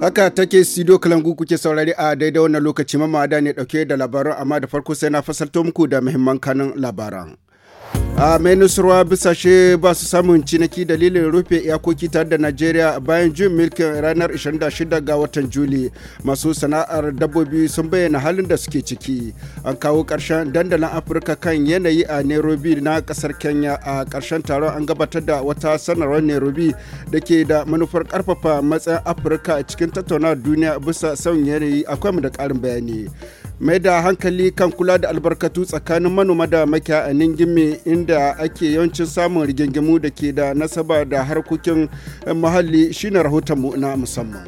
Haka take studio kalangu kuke saurari a daidai wannan lokaci mamada ne dauke da labaran amma da farko sai na fasalto muku da muhimman kanin labaran. a mainus ruwa bisashe ba su samun ciniki dalilin rufe iyakoki tare da najeriya bayan jin milkin ranar 26 ga watan juli masu sana'ar dabbobi sun bayyana halin da suke ciki an kawo karshen dandalin afirka kan yanayi a nairobi na kasar kenya a karshen taron an gabatar da wata sanarwar nairobi da ke da manufar karfafa matsayin afirka cikin tattaunawar duniya bisa sauyin yanayi akwai mu da karin bayani mai da hankali kan kula da albarkatu tsakanin manoma da makiya a ningimi inda ake yawancin samun rigingimu da ke da nasaba da harkokin muhalli shine rahotonmu na musamman.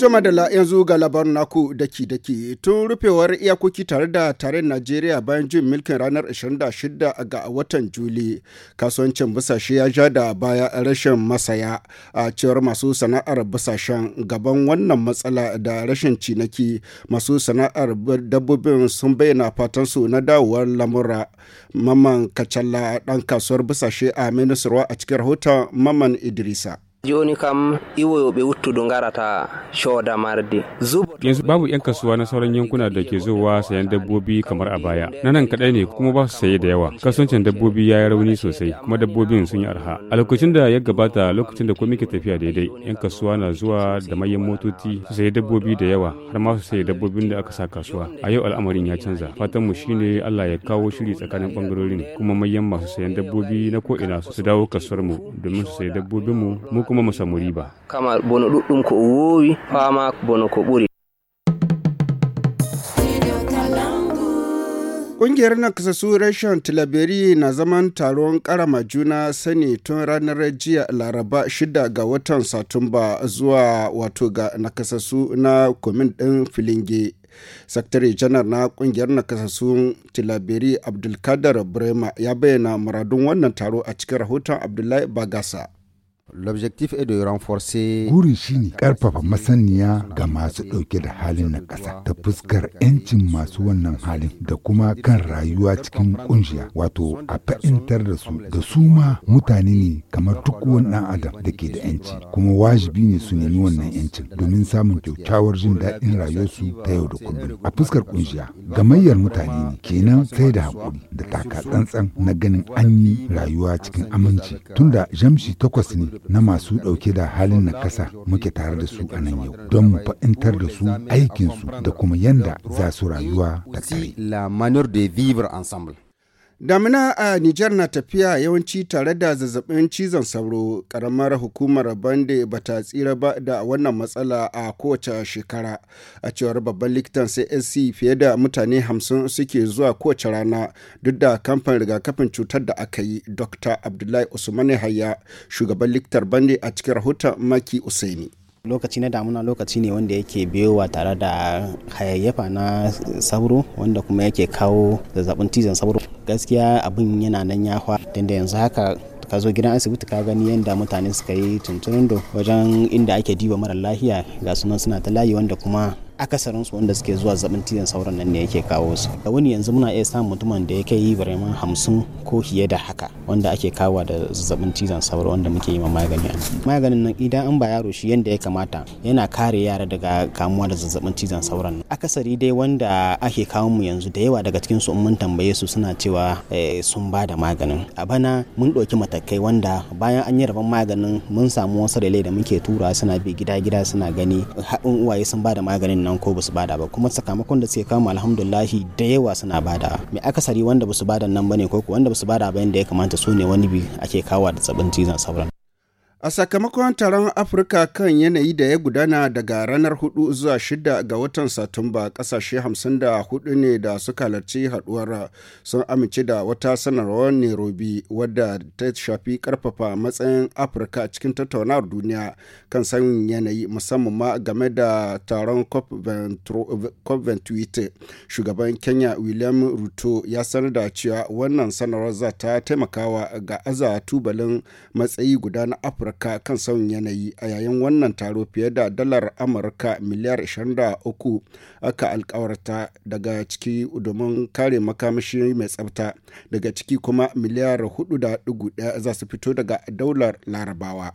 Tuma da yanzu ga labarin naku daki-daki tun rufewar iyakoki tare da tare Najeriya bayan jin milkin ranar 26 ga watan Juli. Kasuwancin busashe ya ja da baya rashin masaya a cewar masu sana'ar busashen gaban wannan matsala da rashin cinaki masu sana'ar dabbobin sun bayyana fatan su na dawowar lamura. Maman Kacalla dan kasuwar busashe a Minisirwa a cikin rahoton Maman Idrisa. joni kam iwoyoɓe wuttudu garata cooda mardi yanzu babu 'yan kasuwa na sauran yankuna da ke zowa sayan dabbobi kamar a baya na nan kaɗai ne kuma ba su saye da yawa kasuwancin dabbobi ya yi rauni sosai kuma dabbobin sun yi arha a lokacin da ya gabata lokacin da komai ke tafiya daidai 'yan kasuwa na zuwa da manyan motoci su sayi dabbobi da yawa har ma su saye dabbobin da aka sa kasuwa a yau al'amarin ya canza fatan mu shine Allah ya kawo shiri tsakanin bangarorin kuma manyan masu sayan dabbobi na ko'ina su dawo kasuwar mu domin su sayi dabbobin mu kuma mu muri ba. kama bono ɗuɗɗum ko wowi fama bono ko ɓuri Ƙungiyar Nakasassu Reshen Tilaberi na zaman taron karama juna sani tun ranar jiya Laraba shida ga watan Satumba zuwa wato ga nakasassu na kumin ɗin Filinge. Sakatare janar na ƙungiyar nakasassun Tilaberi abdulkadar Brema ya bayyana muradun wannan taro a cikin rahoton Abdullahi Bagasa. L'objectif est de renforcer shi shine ƙarfafa masaniya ga masu ɗauke da halin na ƙasa ta fuskar 'yancin masu wannan halin da kuma kan rayuwa cikin ƙungiya wato a fa'intar da su da su ma mutane ne kamar duk wani adam da ke da 'yanci kuma wajibi ne su nemi wannan 'yancin domin samun kyaukyawar jin daɗin rayuwarsu ta yau da kullum a fuskar kungiya gamayyar mutane ne kenan sai da hakuri da taka tsantsan na ganin an yi rayuwa cikin aminci tunda jamshi takwas ne na masu ɗauke da halin na kasa muke tare da su a nan yau don mu fa'intar da su aikinsu da kuma yanda za su rayuwa da kare. Damina a Nijar na tafiya yawanci tare da zazzabin cizon sauro, karamar hukumar Bande ba ta tsira ba da wannan matsala a kowace shekara. A cewar babban likitan CSC fiye da mutane hamsin suke zuwa kowace rana duk da kamfan rigakafin cutar da aka yi Dr. Abdullahi Usmani Hayya, shugaban likitar Bande a cikin rahoton Maki Usaini. lokaci na damuna lokaci ne wanda yake biyowa tare da hayayyafa na sauro wanda kuma yake kawo zazzabin cizon sauro gaskiya abin yana nan ya fa tunda yanzu haka ka zo gidan asibiti ka gani yadda mutane suka yi tunturindo wajen inda ake diba mara lafiya ga sunan suna ta layi wanda kuma akasarin su wanda suke zuwa zaben cizon sauran nan ne yake kawo su da wani yanzu muna iya samun mutumin da yake yi birman hamsin ko fiye da haka wanda ake kawo da zaben cizon sauran wanda muke yi ma magani maganin nan idan an ba yaro shi yanda ya kamata yana kare yara daga kamuwa da zazzabin cizon sauron nan akasari dai wanda ake kawo mu yanzu da yawa daga cikin su mun tambaye su suna cewa eh, sun ba da maganin a bana mun ɗauki matakai wanda bayan an yi rabon maganin mun samu wasu da muke tura suna bi gida gida suna gani haɗin uwaye sun ba da maganin nan nan ko basu bada ba kuma sakamakon da suke kama alhamdulillahi da yawa suna bada me akasari wanda basu bada nan bane ko wanda basu bada ba yanda ya kamata su ne wani bi ake kawo da tsabin cizon sauran A sakamakon taron Afirka kan yanayi da ya gudana daga ranar 4 zuwa 6 ga watan Satumba kasashe 54 ne da suka halarci haduwar sun amince da wata sanarwar Nairobi wadda ta shafi karfafa matsayin Afirka cikin tattaunawar duniya kan sanin yanayi musamman ma game da taron COP28. Shugaban Kenya William Ruto ya sanar da cewa wannan sanarwar za ta taimakawa ga aza tubalin matsayi guda Afirka Amurka kan sauyin yanayi a yayin wannan taro fiye da dalar Amurka miliyar 23 aka alkawarta daga ciki domin kare makamashi mai tsafta daga ciki kuma miliyar 4.1 za su fito daga daular larabawa.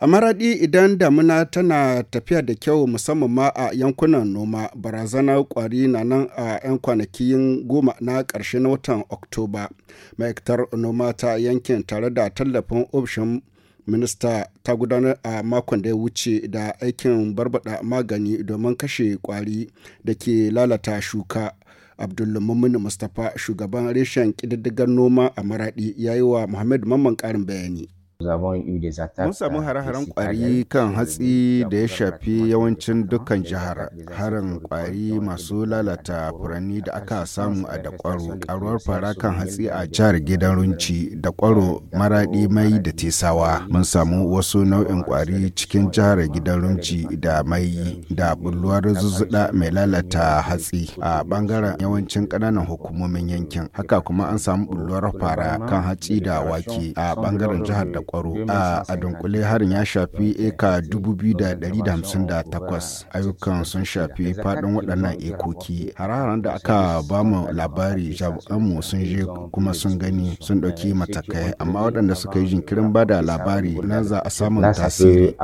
a maraɗi idan damuna tana tafiya da kyau musamman ma a yankunan noma barazanar kwari na nan a 'yan kwanakin goma na ƙarshen watan oktoba ma'aikatar noma ta yankin tare da tallafin ofishin minista ta gudanar a makon da ya wuce da aikin barbada magani domin kashe kwari da ke lalata shuka abdullamin mustapha shugaban reshen ƙididdigar noma a maradi ya yi wa muhammad mamman ƙarin bayani Mun samu hare-haren kwari kan hatsi da ya shafi yawancin dukkan jihar harin kwari masu lalata furanni da aka samu a da kwaro karuwar fara kan hatsi a jihar gidan runci da kwaro maradi mai da tesawa mun samu wasu nau'in kwari cikin jihar gidan runci da mai da bulluwar zuzuda mai lalata hatsi a bangaren yawancin ƙananan hukumomin yankin haka kuma an samu bulluwar fara kan hatsi da wake a bangaren jihar da kwaro a a dunkule harin ya shafi eka 2,158 ayyukan sun shafi faɗin waɗannan ekoki hararen da aka ba mu labari jami'anmu sun je kuma sun gani sun ɗauki matakai amma waɗanda suka yi jinkirin ba da labari na za a samun tasiri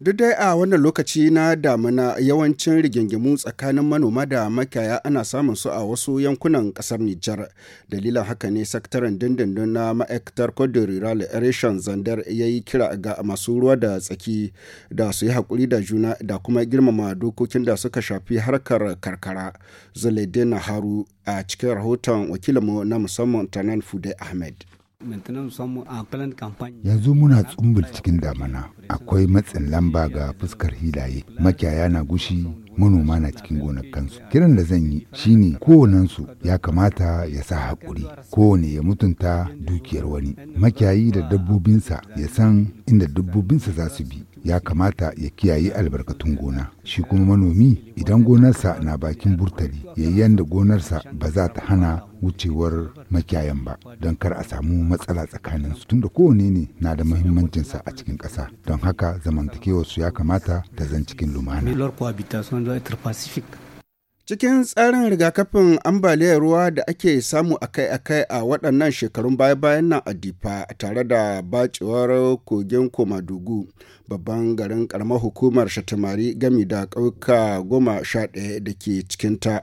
Duk dai a wannan lokaci na damuna yawancin rigingimu tsakanin manoma da makiyaya ana samun su a wasu yankunan kasar Nijar. Dalilan haka ne sakataren dindindin na ma'aikatar Kodin Rural Reshen Zandar ya yi kira ga masu ruwa da tsaki da su yi haƙuri da juna da kuma girmama dokokin da suka shafi harkar karkara. na Haru a cikin rahoton wakilinmu na musamman Tanan Fude Ahmed. Yanzu muna tsumbul cikin damana, akwai matsin lamba ga fuskar hilaye, makiyaya na gushi manoma na cikin gonakansu. Kiran da zan yi shine kowanensu ya kamata ya sa haƙuri, kowane ya mutunta dukiyar wani. Makiyayi da dabbobinsa ya san inda dabbobinsa za su bi, ya kamata ya kiyaye albarkatun gona shi kuma manomi idan gonarsa na bakin burtali ya yi yadda gonarsa ba za ta hana wucewar makiyayan ba don kar a samu matsala tsakanin su tunda kowane ne na da mahimmancinsa a cikin ƙasa don haka su ya kamata ta zan cikin lumana Cikin tsarin rigakafin ambaliyar ruwa da ake samu akai-akai a waɗannan shekarun baya-bayan nan a Difa tare da bacewar kogin Komadugu babban garin karamar hukumar Shatamari gami da ƙauka goma sha ɗaya da ke cikinta.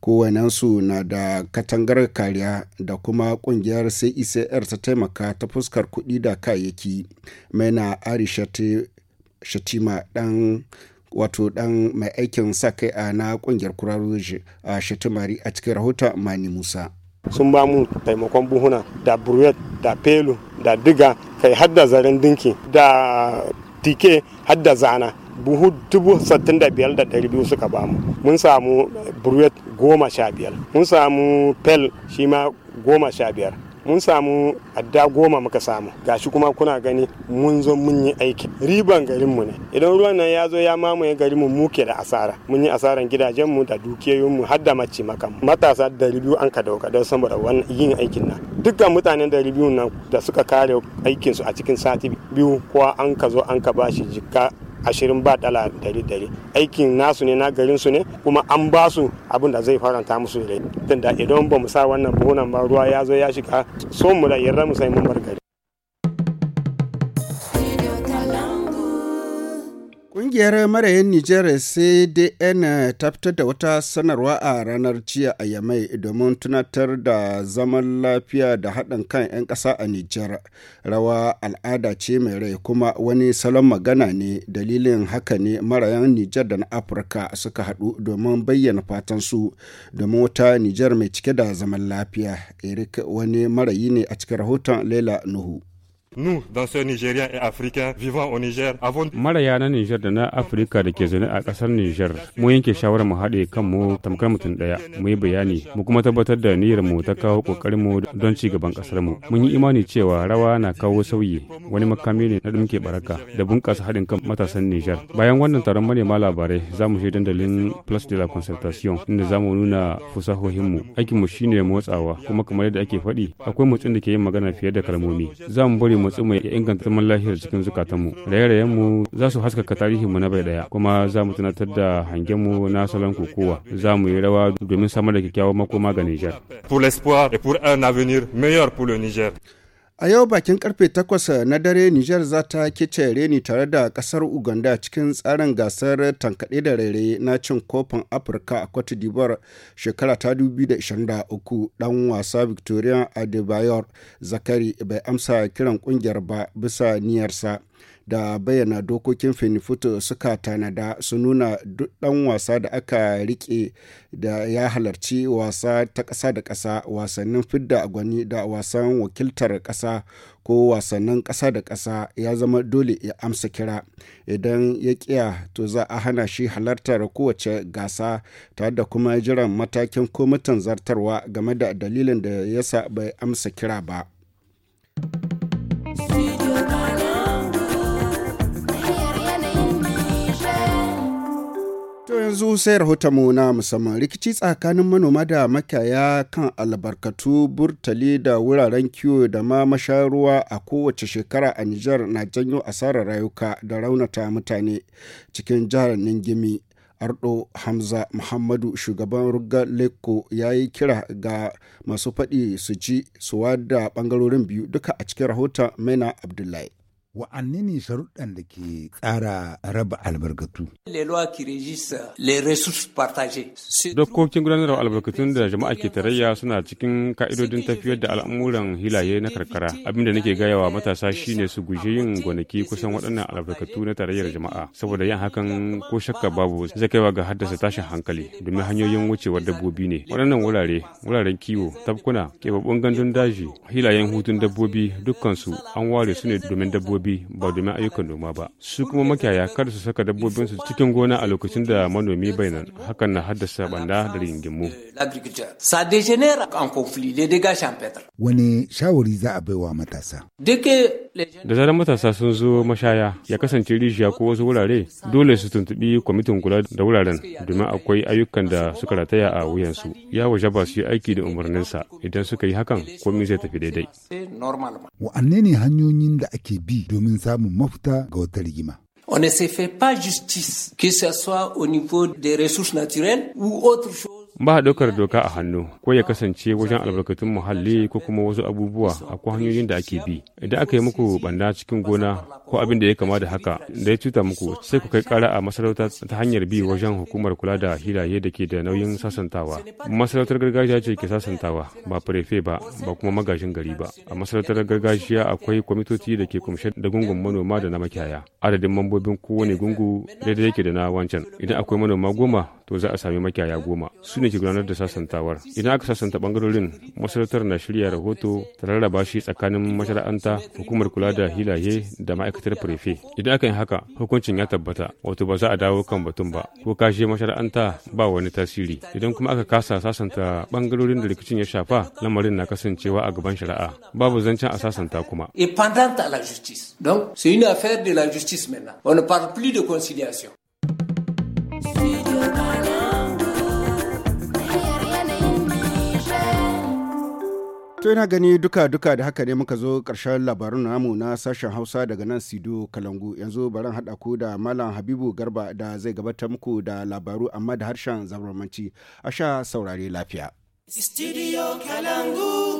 Kowanensu na da katangar kariya da kuma ƙungiyar CICR e ta taimaka ta fuskar kuɗi da kayayyaki. Maina Ari Shatima ɗan wato dan mai aikin sa kai a na kungiyar kuraruje a shatimari a cikin rahoton mani musa sun ba mu taimakon buhuna da burwet da pelu da diga kai hadda zarin zaren dinki da tike hadda zana buhu dubu sattin da biyar da ɗari biyu suka bamu mun samu burwet goma sha biyar mun samu pel shi ma goma sha biyar mun samu adda goma muka samu gashi kuma kuna gani mun zo mun yi aiki riban mu ne idan ruwan nan ya zo ya mamaye garin mu muke da asara mun yi asaran gidajen mu da mu har da mace maka matasa da biyu an ka dauka don saboda wannan yin aikin nan dukkan mutanen da biyu nan da suka kare aikinsu a cikin sati biyu kowa an ka zo an ka bashi jikka ashirin ba dala dari dari aikin nasu ne na garin su ne kuma an ba su abin da zai faranta musu rai tunda idan ba mu sa wannan buhunan ba ruwa ya zo ya shiga so mu da yarda mu sai mun bar gari Ƙungiyar marayin Nijar CDN ta fitar da wata sanarwa a ranar jiya a Yamai domin tunatar da zaman lafiya da haɗin kan 'yan ƙasa a Nijar. Rawa al'ada ce mai rai kuma wani salon magana ne dalilin haka ne marayan Nijar da na Afirka suka haɗu domin bayyana fatansu domin wata Nijar mai cike da zaman lafiya. Eric wani marayi ne a cikin rahoton Laila Nuhu. Nous, ce nigériens et africains vivant au Niger, avons... na Niger da na Afirka da ke zaune a ƙasar Niger, mu yanke shawarar mu haɗe kanmu tamkar mutum ɗaya, mu yi bayani, mu kuma tabbatar da niyyar mu ta kawo ƙoƙarin mu don ci gaban ƙasar mu. Mun yi imani cewa rawa na kawo sauyi, wani makami ne na ɗumke baraka da bunƙasa haɗin kan matasan Niger. Bayan wannan taron manema labarai, za mu dandalin Place de la Concertation, inda za mu nuna fasahohinmu. Aikinmu shine motsawa, kuma kamar yadda ake faɗi, akwai mutum da ke yin magana fiye da kalmomi. Za mu bari mu mu ya inganta zaman lafiyar cikin zukatanmu raye-rayenmu za su haskaka tarihinmu na bai daya kuma za mu tunatar da hangenmu na salon kokowa za mu yi rawa domin samar da kyakkyawan makoma ga niger Pour l'espoir et pour un avenir meilleur pour le Niger. A yau bakin karfe 8 eh, na dare Nijar za ta kice reni tare da kasar Uganda cikin tsarin gasar tankaɗe da rere na cin kofin Afirka a Cote d'Ivoire shekara ta 2023 dan wasa Victoria Adebayor Zakari bai amsa kiran kungiyar ba bisa niyarsa. da bayyana dokokin fenifuto suka tanada su nuna duk ɗan wasa da aka rike da ya halarci wasa ta ƙasa da ƙasa wasannin fidda gwani da wasan wakiltar ƙasa ko wasannin ƙasa da ƙasa ya zama dole ya amsa kira idan ya kiya to za a hana shi halartar kowace gasa tare da kuma jiran matakin komitin zartarwa game da dalilin da yasa bai amsa kira ba. yanzu sai rahotonmu na musamman rikici tsakanin manoma da makiyaya kan albarkatu burtali da wuraren kiwo da ma masharuwa a kowace shekara a Nijar na janyo asarar rayuka da raunata mutane cikin jihar Ningimi. Ardo Hamza Muhammadu shugaban Ruga Leko ya yi kira ga masu faɗi su ji su wada ɓangarorin biyu duka a cikin rahoton Maina Abdullahi. wa'anni ne sharuɗan da ke tsara raba albarkatu? Dokokin gudanarwa albarkatun da jama'a ke tarayya suna cikin ka'idodin tafiyar da al'amuran hilaye na karkara. Abin da nake gayawa matasa shine su guje yin gonaki kusan waɗannan albarkatu na tarayyar jama'a. Saboda yin hakan ko shakka babu zai kaiwa ga haddasa tashin hankali domin hanyoyin wucewar dabbobi ne. Waɗannan wurare, wuraren kiwo, tafkuna keɓaɓɓun gandun daji, hilayen hutun dabbobi dukkansu an ware su ne domin dabbobi dabbobi ba domin ayyukan noma ba su kuma makiyaya kar su saka dabbobin su cikin gona a lokacin da manomi bai nan hakan na haddasa banda da rigingimu wani shawari za a baiwa matasa da zarar matasa sun zo mashaya ya kasance rijiya ko wasu wurare dole su tuntubi kwamitin kula da wuraren domin akwai ayyukan da suka rataya a wuyansu ya waje ba su yi aiki da umarninsa idan suka yi hakan komai zai tafi daidai wa'anne ne hanyoyin da ake bi On ne se fait pas justice, que ce soit au niveau des ressources naturelles ou autre chose. ba a ɗaukar doka a hannu ko ya kasance wajen albarkatun muhalli ko kuma wasu abubuwa a ko hanyoyin da ake bi idan aka yi muku banda cikin gona ko abin da ya kama da haka da ya cuta muku sai ku kai kara a masarauta ta hanyar bi wajen hukumar kula da hiraye da ke da nauyin sasantawa masarautar gargajiya ce ke sasantawa ba firefe ba ba kuma magajin gari ba a masarautar gargajiya akwai kwamitoci da ke kumshe da gungun manoma da na makiyaya adadin mambobin kowane gungu daidai yake da na wancan idan akwai manoma goma to za a sami makiyaya goma su ne ke gudanar da sasantawar idan aka sasanta bangarorin masarautar na shirya rahoto ta rarraba shi tsakanin mashara'anta hukumar kula da hilaye da ma'aikatar prefe idan aka yi haka hukuncin ya tabbata wato ba za a dawo kan batun ba ko kashe mashara'anta ba wani tasiri idan kuma aka kasa sasanta bangarorin da rikicin ya shafa lamarin na kasancewa a gaban shari'a babu zancen a sasanta kuma Donc, c'est une affaire de la justice maintenant. On ne parle plus de conciliation. To ina gani duka-duka da haka ne muka zo karshen labarun namu na sashen Hausa daga nan Sido Kalangu. Yanzu baran haɗa ku da Malam Habibu Garba da zai gabatar muku da labaru amma da harshen zamanci. A sha saurare lafiya. Studio Kalangu.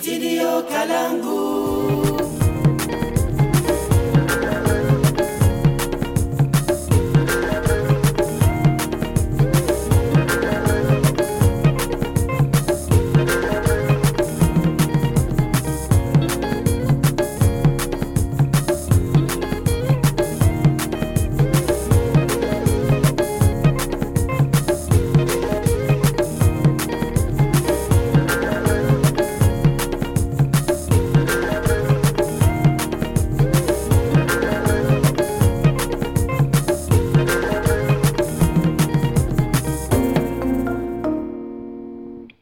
studio kalangu